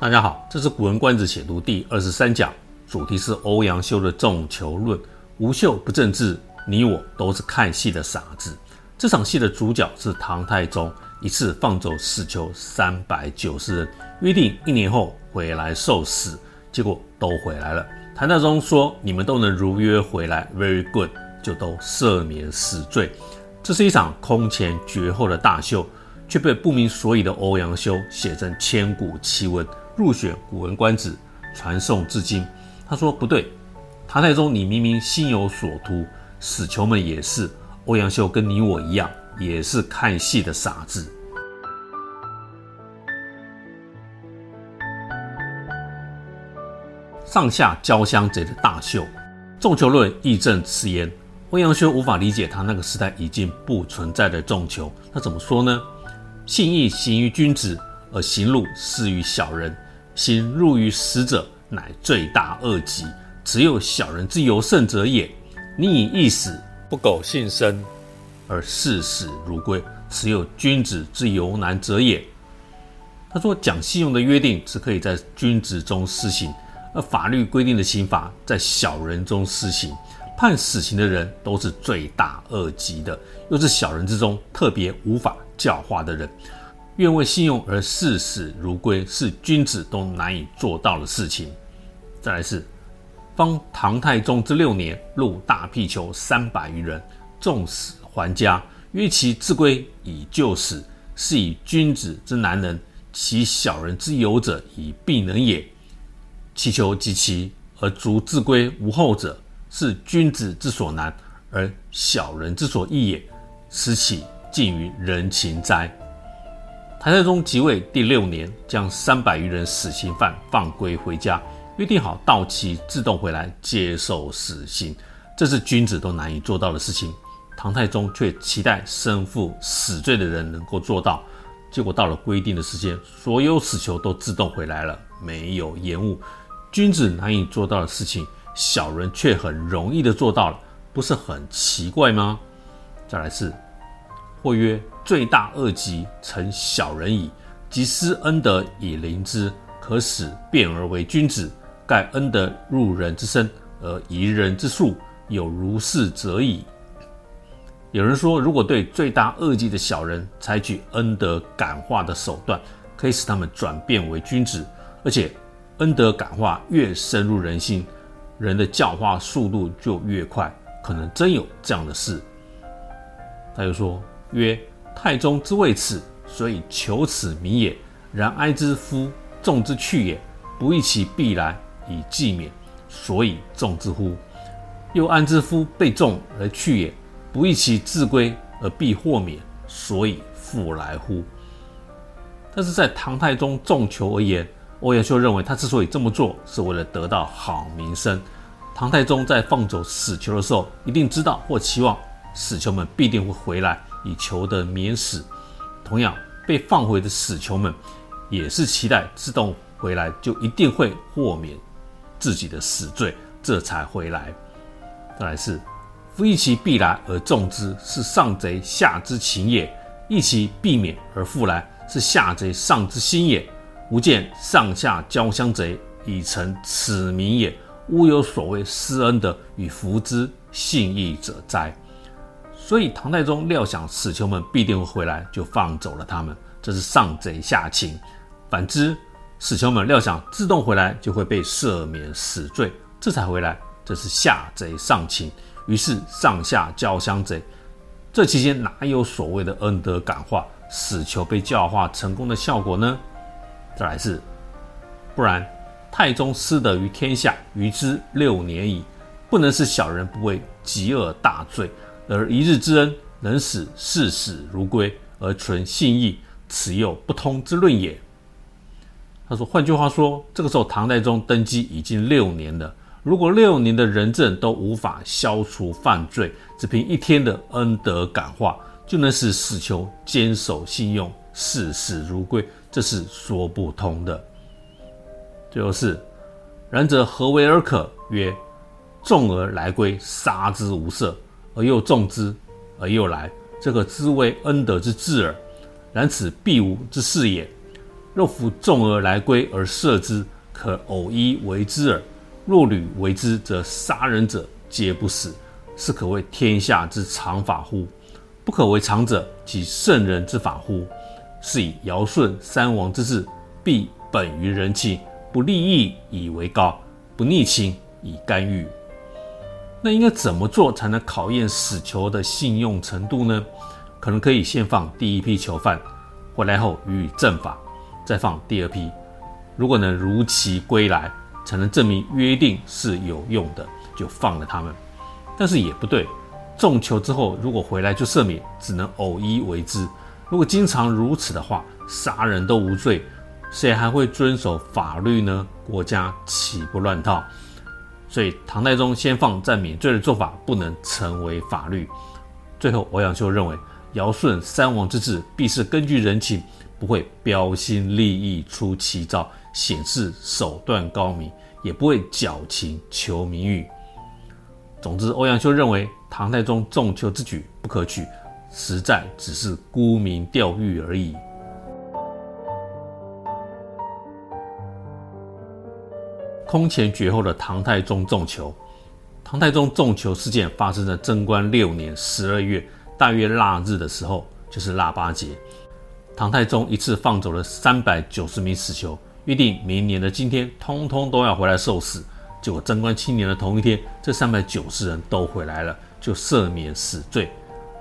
大家好，這是《古文觀止》解讀第二十三講，主題是歐陽修的縱囚論。無秀不政治，你我都是看戲的傻子。這場戲的主角是唐太宗，一次放走死囚三百九十人，約定一年後回來受死，結果都回來了。唐太宗說：“你們都能如約回來，very good，就都赦免死罪。”這是一場空前絕後的大秀。卻被不明所以的歐陽修寫成千古奇文，入選《古文觀止》，傳誦至今。他說：“不對，唐太宗，你明明心有所圖，死囚們也是。歐陽修跟你我一樣，也是看戲的傻子。”上下交相賊的大秀，縱囚論義正辭嚴，歐陽修無法理解他那個時代已經不存在的縱囚，那怎麼說呢？信義行於君子，而刑戮施於小人。刑入於死者，乃罪大惡極，只有小人之尤甚者也。寧以義死，不苟幸生，而視死如歸，只有君子之尤難者也。他說，講信用的約定是可以在君子中施行，而法律規定的刑罰在小人中施行。判死刑的人都是罪大惡極的，又是小人之中特別無法教化的人，願為信用而視死如歸，是君子都難以做到的事情。再來是，方唐太宗之六年，錄大辟囚三百餘人，縱死還家，曰其自歸以就死，是以君子之難能；其小人之有者以必能也。其囚及其而卒自歸無後者，是君子之所難而小人之所易也。時其。近於人情哉。唐太宗即位第六年，將三百餘人死刑犯放歸回家，約定好到期自動回來接受死刑。這是君子都難以做到的事情，唐太宗卻期待身負死罪的人能夠做到。結果到了規定的時間，所有死囚都自動回來了，沒有延誤。君子難以做到的事情，小人卻很容易的做到了，不是很奇怪嗎？再來是。或曰：罪大惡極，誠小人矣。及施恩德以臨之，可使變而為君子。蓋恩德入人之深，而移人之速，有如是者矣。有人說，如果對罪大惡極的小人採取恩德感化的手段，可以使他們轉變為君子，而且恩德感化越深入人心，人的教化速度就越快。可能真有這樣的事。他又說。曰：太宗之為此，所以求此名也。然哀之夫縱之去也，不意其必來以繼免，所以縱之乎？又安之夫被縱而去也，不意其自歸而必獲免，所以復來乎？但是在唐太宗縱囚而言，歐陽修認為他之所以這麼做，是為了得到好名聲。唐太宗在放走死囚的時候，一定知道或期望死囚們必定會回來。以求得免死，同樣被放回的死囚們，也是期待自動回來就一定會豁免自己的死罪，這才回來。再來是，夫意其必來而縱之，是上賊下之情也；意其必免而復來，是下賊上之心也。吾見上下交相賊以成此名也，烏有所謂施恩德與福之信義者哉？所以唐太宗料想死囚們必定會回來，就放走了他們。這是上賊下情；反之，死囚們料想自動回來就會被赦免死罪，這才回來。這是下賊上情，於是上下交相賊。這期間哪有所謂的恩德感化，死囚被教化成功的效果呢？再來是「不然。太宗失德於天下，於之六年矣，不能是小人不為極惡大罪。而一日之恩，能使視死如歸，而存信義，此又不通之論也。他說，換句話說，這個時候唐太宗登基已經六年了，如果六年的仁政都無法消除犯罪，只憑一天的恩德感化，就能使死囚堅守信用、視死如歸，這是說不通的。最後是，然則何為而可？曰：縱而來歸，殺之無赦。而又縱之，而又來，這個之為恩德之至耳。然此必無之事也。若夫縱而來歸而赦之，可偶一為之耳。若屢為之，則殺人者皆不死，是可謂天下之常法乎？不可為常者，即聖人之法乎？是以堯舜三王之治，必本於人情，不立異以為高，不逆情以干譽。那應該怎麼做才能考驗死囚的信用程度呢？可能可以先放第一批囚犯，回來後予以正法，再放第二批。如果能如期歸來，才能證明約定是有用的，就放了他們。但是也不對，縱囚之後如果回來就赦免，只能偶一為之。如果經常如此的話，殺人都無罪，誰還會遵守法律呢？國家豈不亂套？所以，唐太宗先放再免罪的做法不能成為法律。最後，歐陽修認為，堯舜三王之治必是根據人情，不會標新立異出奇招，顯示手段高明，也不會矯情求名譽。總之，歐陽修認為唐太宗縱囚之舉不可取，實在只是沽名釣譽而已。空前絕後的唐太宗縱囚，唐太宗縱囚事件發生在貞觀六年十二月，大約臘日的時候，就是臘八節。唐太宗一次放走了三百九十名死囚，約定明年的今天，通通都要回來受死。結果貞觀七年的同一天，這三百九十人都回來了，就赦免死罪。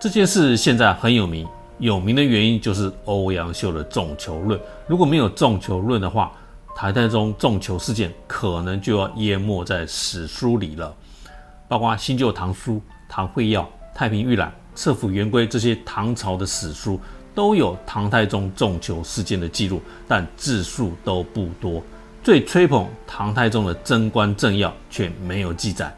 這件事現在很有名，有名的原因就是歐陽修的縱囚論。如果沒有縱囚論的話，唐太宗縱囚事件可能就要淹沒在史書裡了，包括新舊唐書、唐會要、太平御覽、冊府元龜這些唐朝的史書都有唐太宗縱囚事件的記錄，但字數都不多。最吹捧唐太宗的《貞觀政要》卻沒有記載。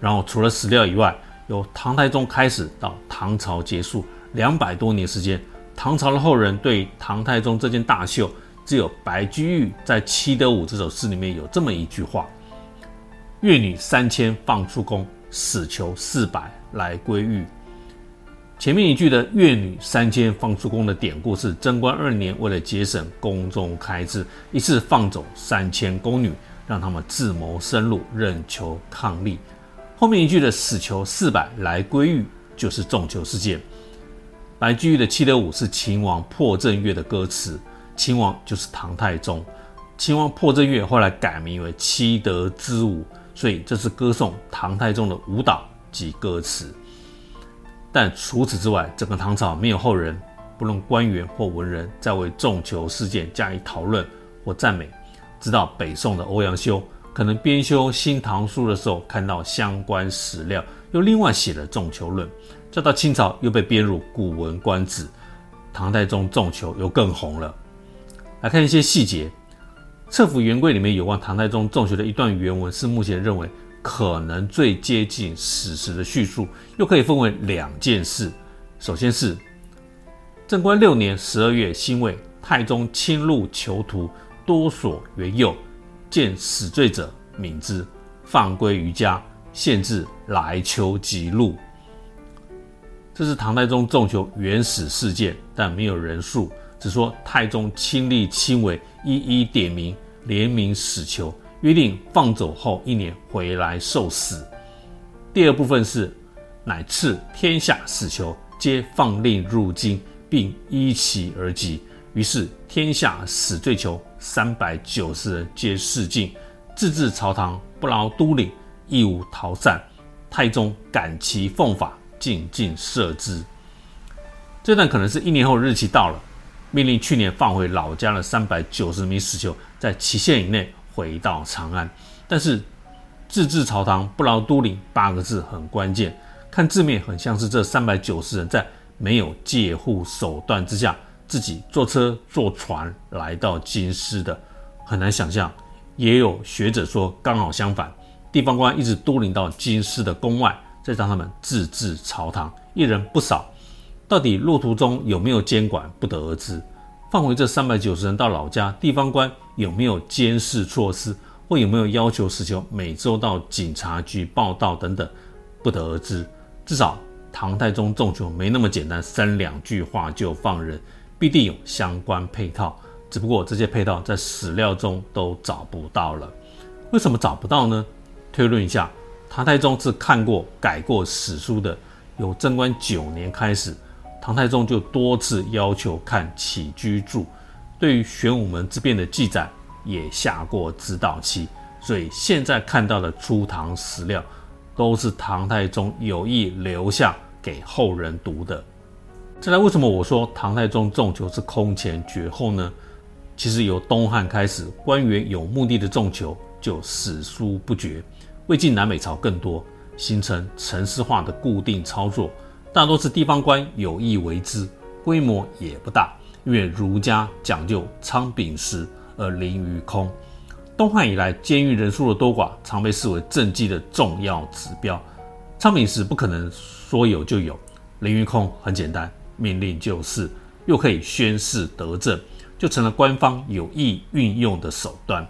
然後除了史料以外，由唐太宗開始到唐朝結束兩百多年時間，唐朝的後人對於唐太宗這件大秀。只有白居易在《七德舞》這首詩裡面有這麼一句話：“越女三千放出宮，死囚四百來歸獄。”前面一句的“越女三千放出宮”的典故是貞觀二年，為了節省宮中開支，一次放走三千宮女，讓他們自謀生路，任求伉儷。後面一句的“死囚四百來歸獄”就是縱囚事件。白居易的《七德舞》是秦王破陣樂的歌詞。秦王就是唐太宗，秦王破陣樂後來改名為七德之舞，所以這是歌頌唐太宗的舞蹈及歌詞。但除此之外，整個唐朝沒有後人，不論官員或文人，在為縱囚事件加以討論或讚美。直到北宋的歐陽修，可能編修《新唐書》的時候看到相關史料，又另外寫了《縱囚論》。再到清朝又被編入《古文觀止》，唐太宗縱囚又更紅了。來看一些細節，《冊府元龜》裡面有關唐太宗縱囚的一段原文，是目前認為可能最接近史實的敘述，又可以分為兩件事。首先是貞觀六年十二月辛未，太宗親錄囚徒，多所原宥。見死罪者，憫之，放歸於家，限至來秋即戮。這是唐太宗縱囚原始事件，但沒有人數。只說太宗親力親為，一一點名，憐憫死囚，約定放走後一年回來受死。第二部分是，乃敕天下死囚，皆放令入京，並依期而集。於是天下死罪囚三百九十人皆釋禁，自至朝堂，不勞督領，一無逃散。太宗感其奉法，竟盡赦之。這段可能是一年後日期到了。命令去年放回老家的三百九十名死囚，在期限以內回到長安。但是“自至朝堂不勞督領”八個字很關鍵，看字面很像是這三百九十人在沒有戒護手段之下，自己坐車坐船來到京師的，很難想象。也有學者說，剛好相反，地方官一直督領到京師的宮外，再讓他們自至朝堂，一人不少。到底路途中有沒有監管，不得而知。放回這三百九十人到老家，地方官有沒有監視措施，或有沒有要求死囚每周到警察局報到等等，不得而知。至少唐太宗縱囚沒那麼簡單，三兩句話就放人，必定有相關配套。只不過這些配套在史料中都找不到了。為什麼找不到呢？推論一下，唐太宗是看過改過史書的，由貞觀九年開始。唐太宗就多次要求看《起居注》，對於玄武門之變的記載也下過指導棋，所以現在看到的初唐史料都是唐太宗有意留下給後人讀的。再來，為什麼我說唐太宗縱囚是空前絕後呢？其實由東漢開始，官員有目的的縱囚就史書不絕，魏晉南北朝更多，形成程式化的固定操作。大多是地方官有意為之，規模也不大，因為儒家講究倉廩實而囹圄空。東漢以來，監獄人數的多寡常被視為政績的重要指標。倉廩實不可能說有就有，囹圄空很簡單，命令就是，又可以宣示德政，就成了官方有意運用的手段。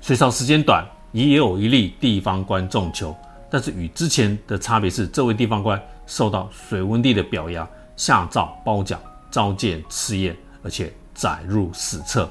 隋朝時間短，也有一例地方官縱囚，但是與之前的差別是，這位地方官，受到隋文帝的表揚，下詔褒獎，召見賜宴，而且載入史冊。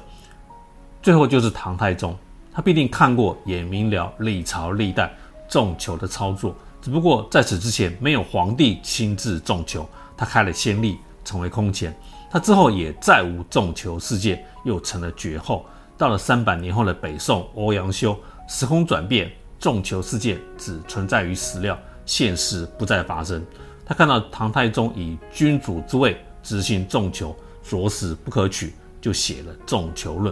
最後就是唐太宗，他必定看過也明了歷朝歷代縱囚的操作，只不過在此之前沒有皇帝親自縱囚，他開了先例，成為空前。他之後也再無縱囚事件，又成了絕後。到了三百年後的北宋，歐陽修，時空轉變，縱囚事件只存在於史料，現實不再發生，他看到唐太宗以君主之位執行縱囚，着實不可取，就寫了《縱囚論》。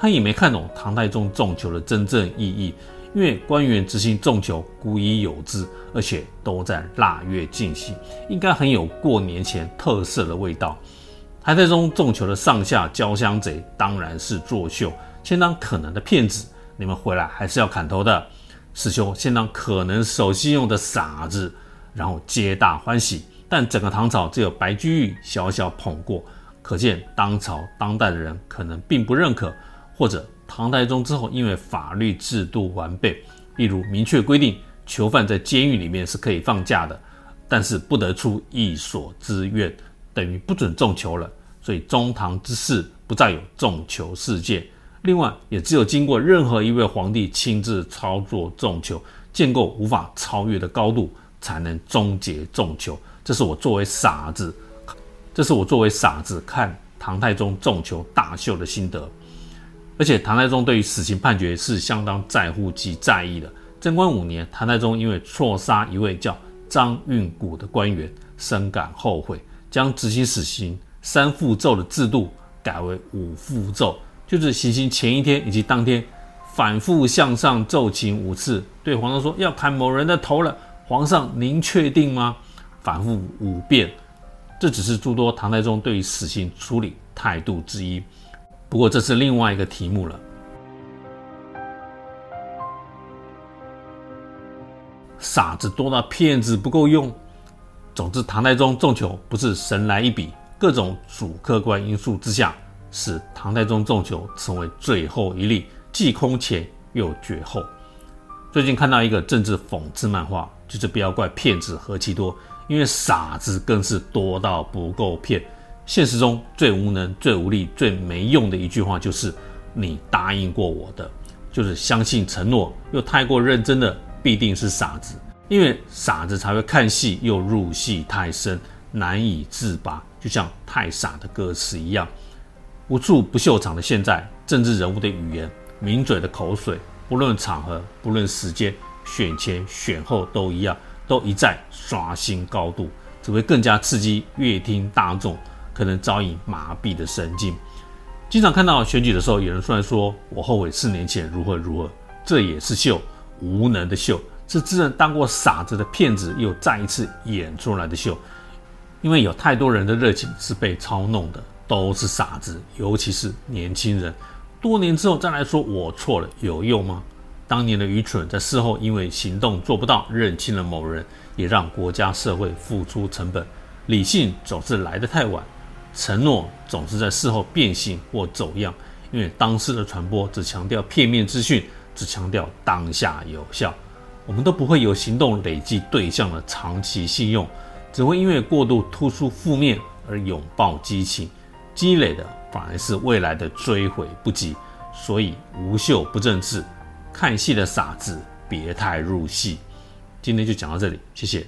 他也沒看懂唐太宗縱囚的真正意義，因為官員執行縱囚，古已有之，而且都在臘月進行，應該很有過年前特色的味道。唐太宗縱囚的上下交相賊，當然是作秀，相當可能的騙子，你們回來還是要砍頭的。死囚先讓可能守信用的傻子，然後皆大歡喜。但整個唐朝只有白居易小小捧過，可見當朝當代的人可能並不認可，或者唐太宗之後因為法律制度完備，例如明確規定囚犯在監獄裡面是可以放假的，但是不得出一所之院，等於不准縱囚了。所以中唐之事不再有縱囚事件。另外，也只有經過任何一位皇帝親自操作縱囚，建構無法超越的高度，才能終結縱囚。這是我作為傻子，這是我作為傻子看唐太宗縱囚大秀的心得。而且，唐太宗對於死刑判決是相當在乎及在意的。貞觀五年，唐太宗因為錯殺一位叫張蘊古的官員，深感後悔，將執行死刑三覆奏的制度改為五覆奏。就是行刑前一天以及當天，反覆向上奏請五次，對皇上說要砍某人的頭了。皇上，您確定嗎？反覆五遍，這只是諸多唐太宗對於死刑處理態度之一。不過這是另外一個題目了。傻子多到騙子不夠用。總之，唐太宗縱囚不是神來一筆，各種主客觀因素之下。使唐太宗縱囚成為最後一例，既空前又絕後。最近看到一個政治諷刺漫畫，就是不要怪騙子何其多，因為傻子更是多到不夠騙。現實中最無能、最無力、最沒用的一句話就是“你答應過我的”，就是相信承諾又太過認真的，必定是傻子。因為傻子才會看戲又入戲太深，難以自拔，就像太傻的歌詞一樣。無處不秀場的現在，政治人物的語言、名嘴的口水，不論場合、不論時間，選前、選後都一樣，都一再刷新高度，只會更加刺激閱聽大眾可能早已麻痹的神經。經常看到選舉的時候，有人出來說：“我後悔四年前如何如何。”這也是秀，無能的秀，是自認當過傻子的騙子又再一次演出來的秀，因為有太多人的熱情是被操弄的。都是傻子，尤其是年輕人。多年之後再來說我錯了，有用嗎？當年的愚蠢在事後因為行動做不到，認清了某人，也讓國家社會付出成本。理性總是來得太晚，承諾總是在事後變形或走樣，因為當時的傳播只強調片面資訊，只強調當下有效。我們都不會有行動累積對象的長期信用，只會因為過度突出負面而擁抱激情。積累的反而是未來的追悔不及，所以無秀不政治，看戲的傻子別太入戲。今天就講到這裡，謝謝。